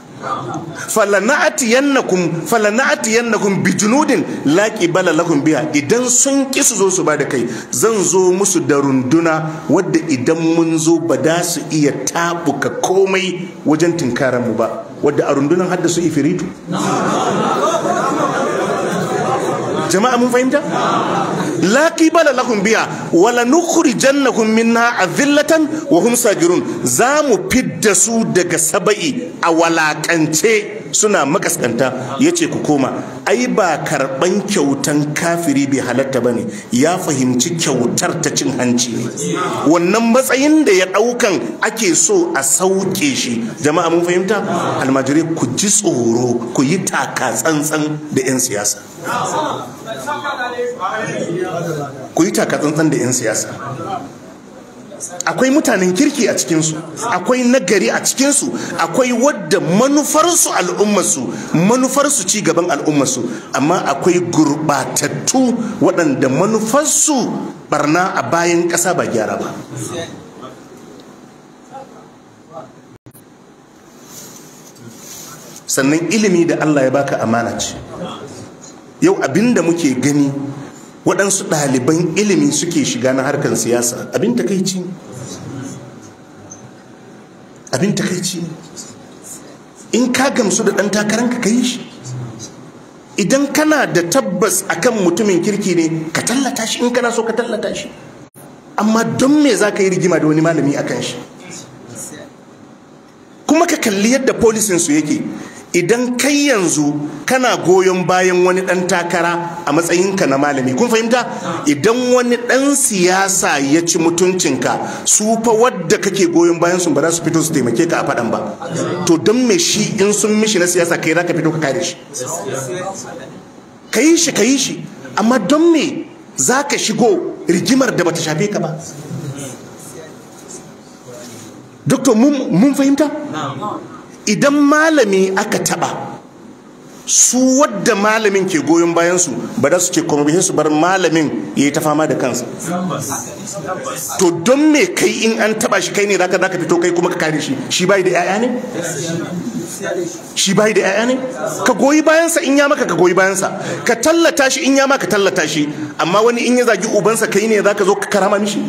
falana'atiyannakum falana'atiyannakum bijunudin la qibala biha idan sun ƙi su zo su bada kai zan zo musu da runduna wadda idan mun zo ba da su iya tabuka komai wajen tinkaran ba wadda a rundunan hadda su ifiritu jama'a mun fahimta la qibala lahum biya wala nukhrijannahum minha azillatan wa hum sajirun za mu fidda su daga saba'i a walakance suna makaskanta ce ku koma ai ba karban kyautan kafiri bai halatta ne. ya fahimci kyautar ta cin hanci ne wannan matsayin da ya daukan ake so a sauke shi jama'a mun fahimta almajirai ku ji tsoro ku yi taka tsantsan da 'yan siyasa ku yi takatsantsan da 'yan siyasa akwai mutanen kirki a cikinsu akwai nagari a cikinsu akwai wadda manufarsu al'ummarsu manufarsu ci gaban al'ummarsu amma akwai gurbatattu waɗanda manufarsu barna a bayan ƙasa ba gyara ba sannan ilimi da allah ya baka amana ce yau abinda muke gani waɗansu ɗaliban ilimi suke shiga na harkar siyasa abin takaici ne abin takaici in ka gamsu da ɗan takaranka ka yi shi idan kana da tabbas akan mutumin kirki ne ka tallata shi in kana so ka tallata shi amma don me za ka yi rigima da wani malami akan shi kuma ka kalli yadda polisinsu yake idan kai yanzu kana goyon bayan wani ɗan takara a matsayinka na malami kun fahimta idan wani ɗan siyasa ya ci mutuncinka su fa wadda kake goyon bayan su ba za su fito su taimake ka a faɗan ba to don me shi in sun mishi na siyasa kai za ka fito ka kare shi ka yi shi ka shi amma don me za ka shigo rigimar da bata shafe ka ba doktor mun fahimta idan malami aka taba su wadda malamin ke goyon bayansu ba da su ce kuma su bar malamin ya yi ta fama da kansa to don me kai in an taba shi kai ne zaka zaka fito kai kuma ka kare shi shi bai da yaya ne shi bai da yaya ne ka goyi bayansa in ya maka ka goyi bayansa ka tallata shi in ya maka tallata shi amma wani in ya zagi ubansa kai ne zaka zo ka karama mishi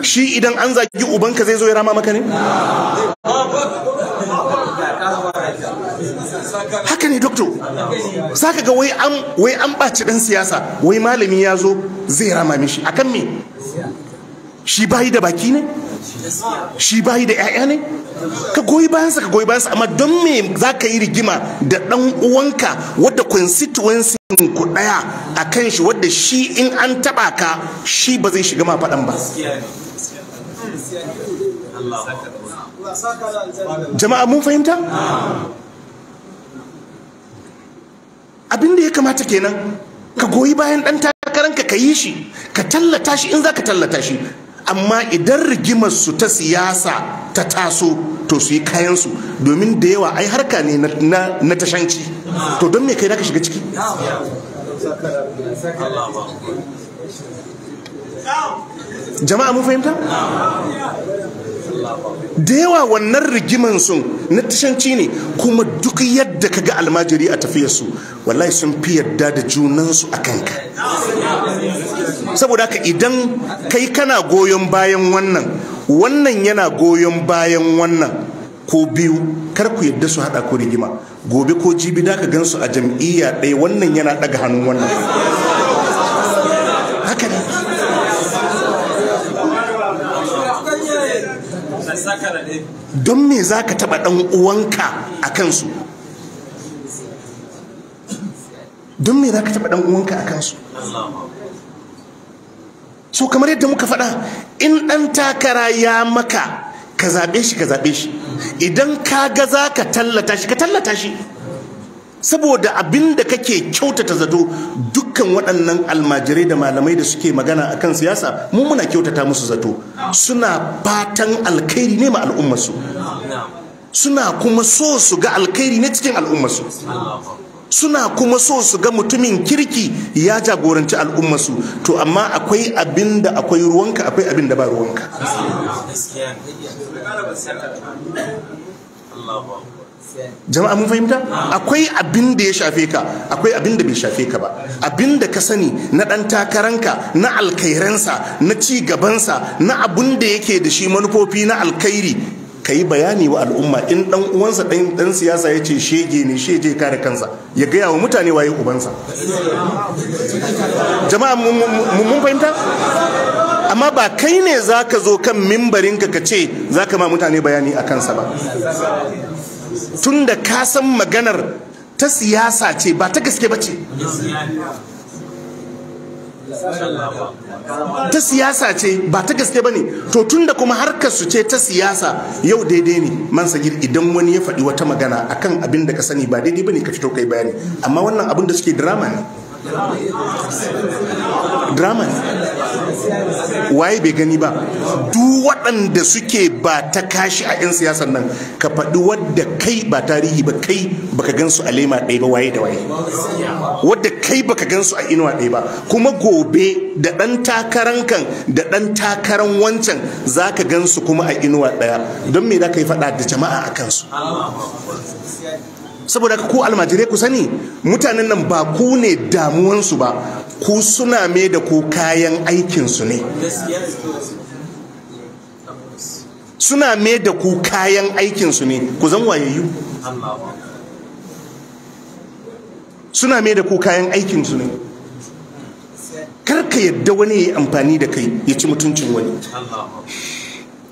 shi idan an zagi ubanka zai zo ya rama maka ne haka ne Za ka ga wai an wai an baci dan siyasa wai malami ya zo zai rama mishi akan me shi bayi da baki ne shi bayi da 'ya'ya ne ka goyi bayansa ka goyi bayansa amma don me za ka yi rigima da ɗan uwanka wadda constituency ku ɗaya a kan shi wadda shi in an taɓa ka shi ba zai shiga ma faɗan ba jama'a mun fahimta abinda ya kamata kenan ka goyi bayan dan takaranka ka yi shi ka tallata shi in za ka tallata shi amma idan rigimar su ta siyasa ta taso to su yi kayansu domin da yawa ai harka ne na tashanci to don me kai da ka shiga ciki jama'a mun fahimta da yawa wannan rigiman sun na tashanci ne kuma duk yadda ka ga almajiri a tafiyarsu wallahi sun fi yadda da junansu a kanka saboda ka idan kai kana goyon bayan wannan wannan yana goyon bayan wannan ko biyu kar ku yadda su haɗa ko rigima gobe ko jibi da ka gansu a jam'iyya ɗaya wannan yana ɗaga hannun wannan haka ne don me za ka taɓa ɗan uwanka a kansu don me za ka taɓa ɗan uwanka a kansu so kamar yadda muka faɗa in ɗan takara ya maka ka zaɓe shi ka zaɓe shi idan ka ga za ka tallata shi ka tallata shi saboda abin da kake kyautata zato dukkan waɗannan almajirai da malamai da suke magana a kan siyasa mu muna kyautata musu zato suna fatan alkhairi ne ma al'ummarsu suna kuma so su ga alkhairi ne cikin al'ummarsu suna kuma so su ga mutumin kirki ya jagoranci al'ummarsu to amma akwai abin da akwai ruwanka akwai abin da ba ruwanka jama'a mun fahimta akwai abin da ya shafe ka akwai abin da bai shafe ka ba abin da ka sani na ɗan takaranka na alkairansa na ci gabansa na abin da yake da shi manufofi na alkairi ka yi bayani wa al'umma in dan uwansa dan siyasa ya ce shege ne shi je kare kansa ya gaya wa mutane waye ubansa jama'a mun fahimta amma ba kai ne za ka zo kan mimbarinka ka ce za ka ma mutane bayani a kansa ba tun da ka maganar ta siyasa ce ba ta gaske ba ce ta siyasa ce ba ta gaske ba ne to tun da kuma harkar su ce ta siyasa yau daidai ne man sagir idan wani ya faɗi wata magana akan abin da ka sani ba daidai ba ne ka fito kai bayani amma wannan abin da suke drama ne drama ne waye bai gani ba duk waɗanda suke ba ta kashi a 'yan siyasar nan ka faɗi wadda kai ba tarihi ba kai baka gansu a lema ɗaya ba waye da waye wadda kai baka gansu a inuwa ɗaya ba kuma gobe da ɗan takaran kan da ɗan takaran wancan za ka gansu kuma a inuwa ɗaya don me za ka yi faɗa da jama'a a kansu saboda ku almajirai ku sani mutanen nan ba ku ne damuwansu ba ku suna mai da ku kayan aikinsu ne suna mai da ku kayan aikinsu ne ku zan wayayyu suna mai da ku kayan aikinsu ne karka yadda wani ya yi amfani da kai ya ci mutuncin wani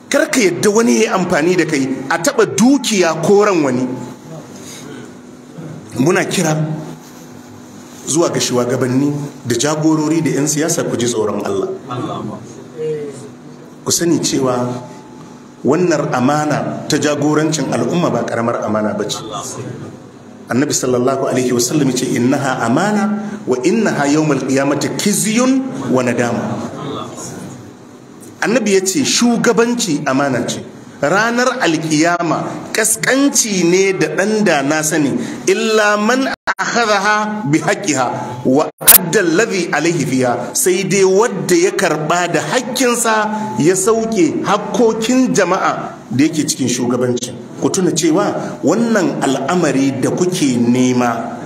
karka yadda wani ya yi amfani da kai a taba dukiya koran wani muna kira zuwa ga shugabanni da jagorori da 'yan siyasa ku ji tsoron Allah ku sani cewa wannan amana ta jagorancin al'umma ba karamar amana ba ce annabi sallallahu alaihi wasallam ce inna ha amana wa inna innaha yawmal qiyamati kiziyun wa nadama annabi ya ce shugabanci amana ce ranar alkiyama kaskanci ne da ɗan da na sani illa man akhadha bi haqqiha wa adda alladhi alayhi fiha sai dai wanda ya karba da hakkinsa ya sauke hakkokin jama'a da yake cikin shugabanci ku tuna cewa wannan al'amari da kuke nema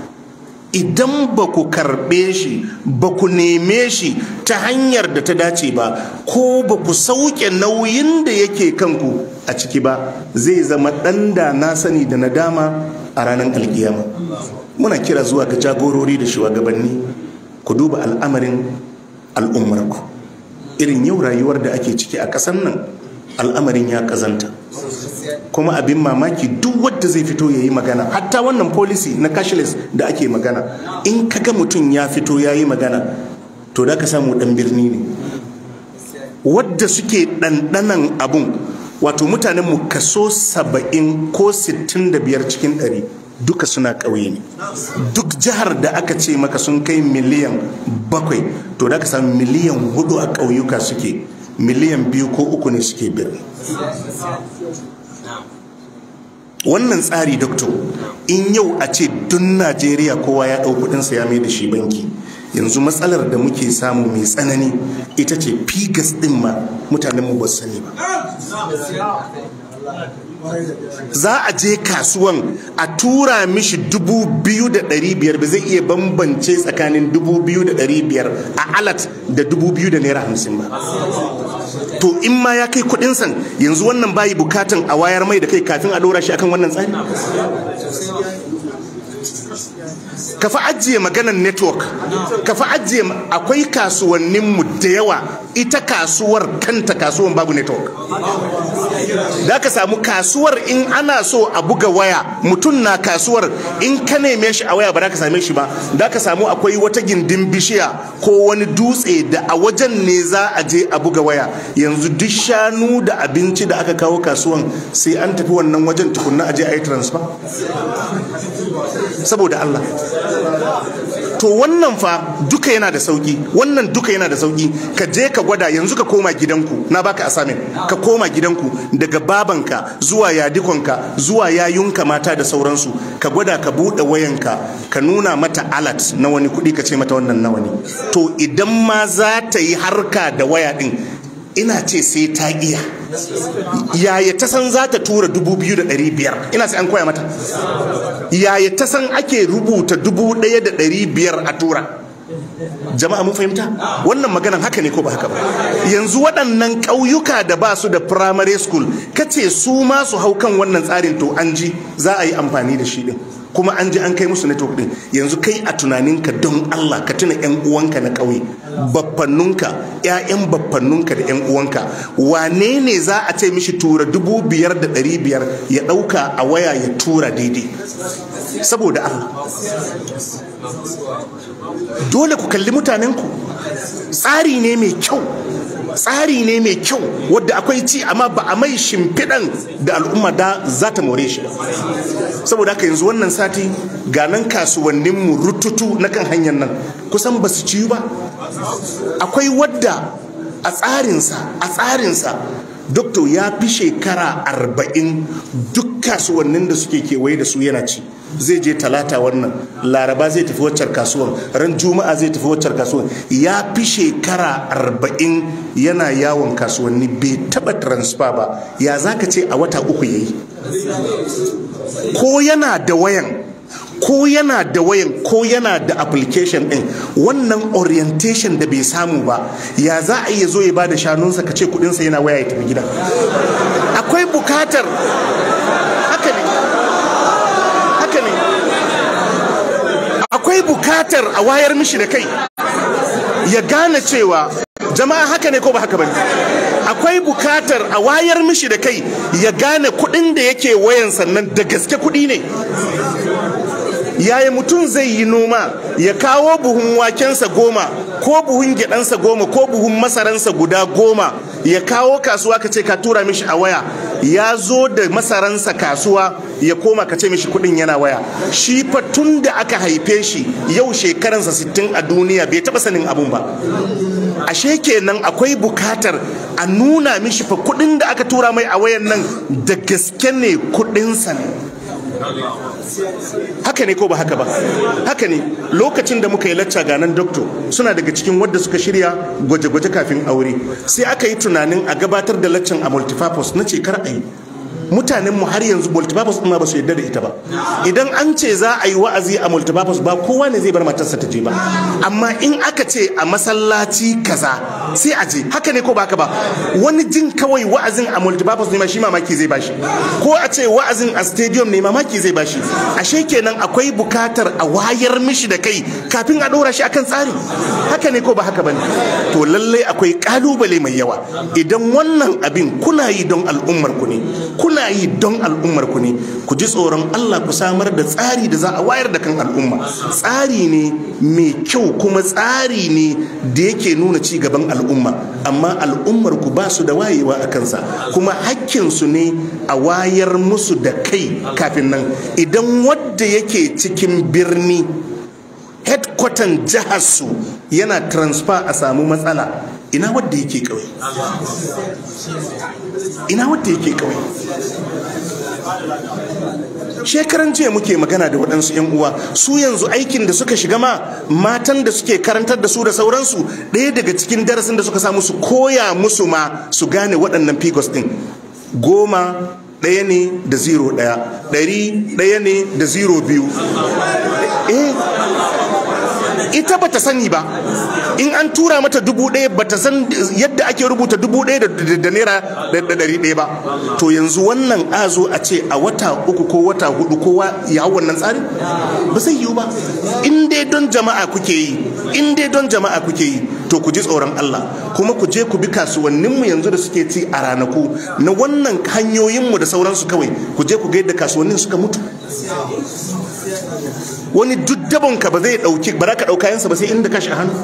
idan ba ku karbe shi ba ku neme shi ta hanyar da ta dace ba ko ba ku sauke nauyin da yake kanku a ciki ba zai zama ɗan da na sani da nadama a ranar alkiyama muna kira zuwa ga jagorori da shugabanni ku duba al'amarin al'ummarku irin yau rayuwar da ake ciki a ƙasar nan al'amarin ya ƙazanta kuma abin mamaki duk wadda zai fito ya yi magana hatta wannan policy na cashless da ake magana in kaga mutum ya fito ya yi magana to da ka samu dan birni ne wadda suke ɗanɗanan abun wato mutanen mu kaso saba'in ko sittin da biyar cikin ɗari duka suna ƙauye ne duk jihar da aka ce maka sun kai miliyan bakwai to da ka samu miliyan hudu a ƙauyuka suke miliyan biyu ko uku ne suke birni wannan tsari doctor in yau a ce dun najeriya kowa ya ɗau kuɗinsa ya mai da shi banki yanzu matsalar da muke samu mai tsanani ita ce figas ɗin ma mutanenmu ba sani ba za a je kasuwan a tura mishi dubu biyu da ɗari biyar ba zai iya bambance tsakanin dubu biyu da ɗari biyar a alat da dubu biyu da naira hamsin ba to in ma ya kai kuɗin san yanzu wannan bayi bukatan a wayar mai da kai kafin a dora shi akan wannan tsari ka ajiye maganar network ka ajiye akwai kasuwannin mu da yawa ita kasuwar kanta kasuwan babu network da ka samu kasuwar in ana so a buga waya mutum na kasuwar in ka neme shi a waya ba za ka same shi ba da ka samu akwai wata gindin bishiya ko wani dutse da a wajen ne za a je a buga waya yanzu duk shanu da abinci da aka kawo kasuwan sai an tafi wannan wajen tukunna a je a yi transfer saboda Allah to wannan fa duka yana da sauki wannan duka yana da sauki ka je ka gwada yanzu ka koma gidanku na baka asamin ka koma gidanku daga babanka zuwa yadikonka zuwa yayunka mata da sauransu ka gwada ka buɗe wayanka ka nuna mata alat na wani kuɗi ka ce mata wannan na wani to idan ma za ta yi harka da waya ɗin ina ce sai ta iya yaya ta san za ta tura dubu biyu da ɗari biyar ina sai an koya mata yaya ta san ake rubuta dubu ɗaya da ɗari biyar a tura jama'a mun fahimta wannan maganan haka ne ko ba haka ba yanzu waɗannan ƙauyuka da ba su da primary school kace su ma su hau kan wannan tsarin to an ji za a yi amfani da shi din kuma an ji an kai musu network din yanzu kai a tunaninka don Allah ka tuna yan uwanka na ƙauye baffanunka 'ya'yan baffanunka da yan uwanka wane ne za a ce mishi tura dubu biyar da ɗari biyar ya ɗauka a waya ya tura daidai saboda Allah dole ku kalli mutanenku tsari ne mai kyau tsari ne mai kyau wadda akwai ci amma ba a mai shimfiɗan da al'umma da za ta more shi saboda haka yanzu wannan sati ga nan kasuwanninmu rututu na kan hanyar nan kusan ba su ci ba akwai wadda a tsarinsa a tsarinsa doktor ya fi shekara arba'in duk kasuwannin da suke kewaye da su yana ci zai je talata wannan laraba zai tafi waccar kasuwan ran juma'a zai tafi waccar kasuwan ya fi shekara arba'in yana yawon kasuwanni bai taba transfer ba ya zaka ce a wata uku yayi ko yana da wayan ko yana da wayan ko yana da application din wannan orientation da bai samu ba ya za a iya zo ya bada shanunsa ka ce kudinsa yana waya ya tafi gida akwai bukatar haka ne akwai bukatar a wayar mishi da kai ya gane cewa jama'a haka ne ko ba haka bane akwai bukatar a wayar mishi da kai ya gane kudin da yake wayan sannan da gaske kudi ne yaya mutum zai yi noma ya kawo buhun wakensa goma ko buhun gyaɗansa goma ko buhun masaransa guda goma ya kawo kasuwa ka ce ka tura mishi a waya ya zo da masaransa kasuwa ya koma ka ce mishi kudin yana waya shi fa tun da aka haife shi yau shekaransa sittin a duniya bai taba sanin abun ba ashe kenan akwai bukatar a nuna mishi fa kudin da aka tura mai a wayan nan da gaske ne kudinsa ne haka ne ko ba haka ba haka ne lokacin da muka yi lacca ganan doktor suna daga cikin wadda suka shirya gwaje-gwaje kafin aure sai aka yi tunanin a gabatar da laccan a multifapos na ce kar a yi mutanen mu har yanzu multipurpose ma ba su yadda da ita ba idan an ce za a yi wa'azi a multipurpose ba kowa ne zai bar matarsa ta je ba amma in aka ce a masallaci kaza sai a je haka ne ko ba haka ba wani jin kawai wa'azin a multipurpose ne ma shi mamaki zai bashi ko a ce wa'azin a stadium ne mamaki zai bashi ashe kenan akwai bukatar a wayar mishi da kai kafin a dora shi akan tsari haka ne ko ba haka bane to lallai akwai kalubale mai yawa idan wannan abin kuna yi don al'ummar ku ne kuna kuna yi don al'ummar ku ne ku ji tsoron Allah ku samar da tsari da za a wayar da kan al'umma tsari ne mai kyau kuma tsari ne da yake nuna ci gaban al'umma amma al'ummar ku ba su da wayewa a kansa kuma hakkin su ne a wayar musu da kai kafin nan idan wadda yake cikin birni headquarter jihar su yana transfer a samu matsala ina wadda yake kawai ina wadda yake kawai shekaran jiya muke magana da waɗansu 'yan uwa su yanzu aikin da suka shiga ma matan da suke karantar da su da sauransu ɗaya daga cikin darasin da suka samu su koya musu ma su gane waɗannan pigos ɗin goma ɗaya ne da zero ɗaya ɗari ɗaya ne da zero biyu eh ita bata sani ba in an tura mata dubu ɗaya bata san yadda ake rubuta dubu ɗaya da naira da ɗari ɗaya ba to yanzu wannan azo a ce a wata uku ko wata hudu kowa ya wannan tsari ba zai yiwu ba in dai don jama'a kuke yi in dai don jama'a kuke yi to ku ji tsoron Allah kuma ku je ku bi kasuwanninmu yanzu da suke ci a ranaku na wannan hanyoyinmu da sauransu kawai ku je ku ga yadda kasuwannin suka mutu wani duk ka ba zai dauki ba za ka dauka yansa ba sai inda kashi a hannu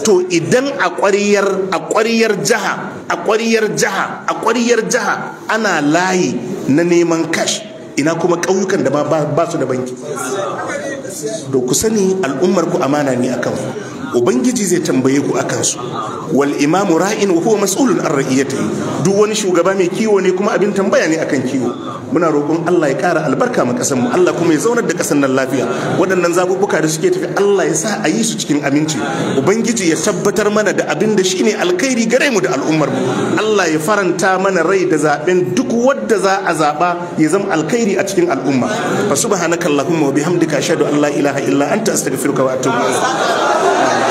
to idan a ƙwariyar a ƙwariyar jaha a ƙwariyar jaha a ƙwariyar jaha ana layi na neman kash ina kuma ƙauyukan da ba su da banki to ku sani al'ummar ku amana ne akan ubangiji zai tambaye ku a kansu wal imamu ra'in wa huwa mas'ulun an ra'iyatihi duk wani shugaba mai kiwo ne kuma abin tambaya ne akan kiwo muna roƙon Allah ya ƙara albarka ma ƙasar mu Allah kuma ya zaunar da ƙasar nan lafiya waɗannan zabubuka da suke tafi Allah ya sa a yi su cikin aminci ubangiji ya tabbatar mana da abin da shine alkhairi gare mu da al'ummar mu Allah ya faranta mana rai da zaben duk wanda za a zaba ya zama alkhairi a cikin al'umma fa subhanakallahumma wa bihamdika ashhadu an la ilaha illa anta astaghfiruka wa atubu ilaik